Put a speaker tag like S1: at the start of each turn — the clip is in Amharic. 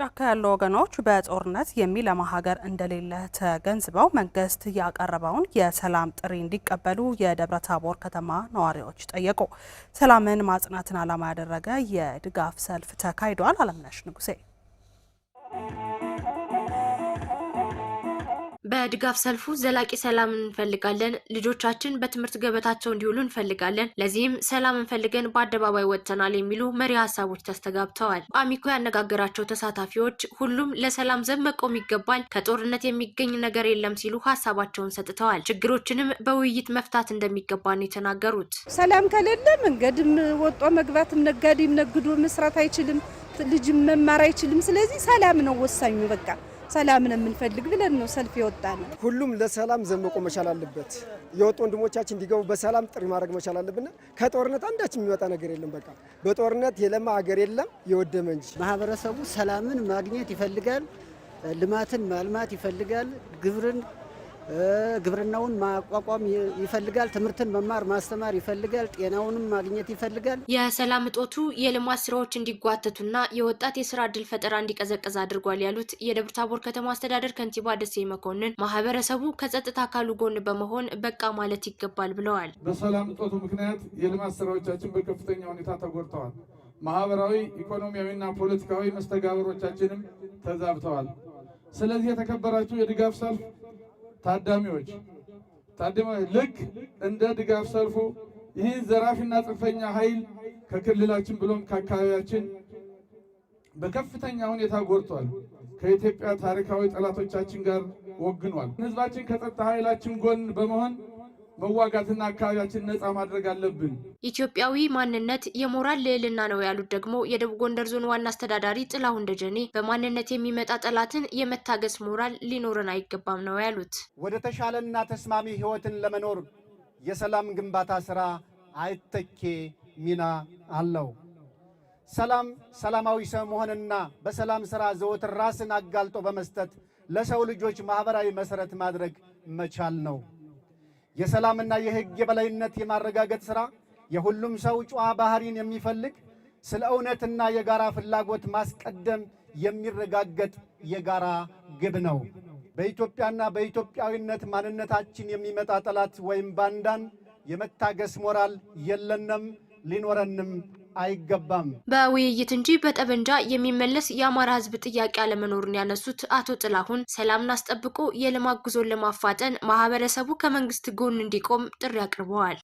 S1: ጫካ ያሉ ወገኖች በጦርነት የሚለማ ሀገር እንደሌለ ተገንዝበው መንግስት ያቀረበውን የሰላም ጥሪ እንዲቀበሉ የደብረ ታቦር ከተማ ነዋሪዎች ጠየቁ። ሰላምን ማጽናትን ዓላማ ያደረገ የድጋፍ ሰልፍ ተካሂዷል። አለምነሽ ንጉሴ
S2: በድጋፍ ሰልፉ ዘላቂ ሰላም እንፈልጋለን፣ ልጆቻችን በትምህርት ገበታቸው እንዲውሉ እንፈልጋለን፣ ለዚህም ሰላም እንፈልገን በአደባባይ ወጥተናል የሚሉ መሪ ሀሳቦች ተስተጋብተዋል። በአሚኮ ያነጋገራቸው ተሳታፊዎች ሁሉም ለሰላም ዘብ መቆም ይገባል፣ ከጦርነት የሚገኝ ነገር የለም ሲሉ ሀሳባቸውን ሰጥተዋል። ችግሮችንም በውይይት መፍታት እንደሚገባ ነው የተናገሩት።
S3: ሰላም ከሌለ መንገድም ወጦ መግባትም ነጋዴም ነግዶ መስራት አይችልም፣ ልጅም መማር አይችልም። ስለዚህ ሰላም ነው ወሳኙ በቃ ሰላምን የምንፈልግ ብለን ነው ሰልፍ የወጣ ነው።
S4: ሁሉም ለሰላም ዘመቆ መቻል አለበት። የወጡ ወንድሞቻችን እንዲገቡ በሰላም ጥሪ ማድረግ መቻል አለብን። ከጦርነት አንዳችን የሚመጣ ነገር የለም። በቃ በጦርነት የለማ ሀገር የለም የወደመ እንጂ።
S5: ማህበረሰቡ ሰላምን ማግኘት ይፈልጋል። ልማትን ማልማት ይፈልጋል። ግብርን ግብርናውን ማቋቋም ይፈልጋል። ትምህርትን መማር ማስተማር ይፈልጋል። ጤናውንም ማግኘት ይፈልጋል።
S2: የሰላም እጦቱ የልማት ስራዎች እንዲጓተቱና የወጣት የስራ እድል ፈጠራ እንዲቀዘቀዝ አድርጓል ያሉት የደብረ ታቦር ከተማ አስተዳደር ከንቲባ ደሴ መኮንን ማህበረሰቡ ከጸጥታ አካሉ ጎን በመሆን በቃ ማለት ይገባል ብለዋል።
S6: በሰላም እጦቱ ምክንያት የልማት ስራዎቻችን በከፍተኛ ሁኔታ ተጎድተዋል። ማህበራዊ ኢኮኖሚያዊና ፖለቲካዊ መስተጋብሮቻችንም ተዛብተዋል። ስለዚህ የተከበራችሁ የድጋፍ ሰልፍ ታዳሚዎች ልክ እንደ ድጋፍ ሰልፉ ይህን ዘራፊና ጽንፈኛ ኃይል ከክልላችን ብሎም ከአካባቢያችን በከፍተኛ ሁኔታ ጎድቷል። ከኢትዮጵያ ታሪካዊ ጠላቶቻችን ጋር ወግኗል። ህዝባችን ከጸጥታ ኃይላችን ጎን በመሆን መዋጋትና አካባቢያችን ነፃ ማድረግ አለብን።
S2: ኢትዮጵያዊ ማንነት የሞራል ልዕልና ነው ያሉት ደግሞ የደቡብ ጎንደር ዞን ዋና አስተዳዳሪ ጥላሁን ደጀኔ በማንነት የሚመጣ ጠላትን የመታገስ ሞራል ሊኖረን አይገባም ነው ያሉት።
S7: ወደ ተሻለና ተስማሚ ህይወትን ለመኖር የሰላም ግንባታ ስራ አይተኬ ሚና አለው። ሰላም ሰላማዊ ሰው መሆንና በሰላም ስራ ዘወትር ራስን አጋልጦ በመስጠት ለሰው ልጆች ማህበራዊ መሰረት ማድረግ መቻል ነው። የሰላምና የሕግ የበላይነት የማረጋገጥ ሥራ የሁሉም ሰው ጨዋ ባህሪን የሚፈልግ ስለ እውነትና የጋራ ፍላጎት ማስቀደም የሚረጋገጥ የጋራ ግብ ነው። በኢትዮጵያና በኢትዮጵያዊነት ማንነታችን የሚመጣ ጠላት ወይም ባንዳን የመታገስ ሞራል የለንም፣ ሊኖረንም አይገባም።
S2: በውይይት እንጂ በጠበንጃ የሚመለስ የአማራ ህዝብ ጥያቄ አለመኖሩን ያነሱት አቶ ጥላሁን ሰላምን አስጠብቆ የልማት ጉዞን ለማፋጠን ማህበረሰቡ ከመንግስት ጎን እንዲቆም ጥሪ አቅርበዋል።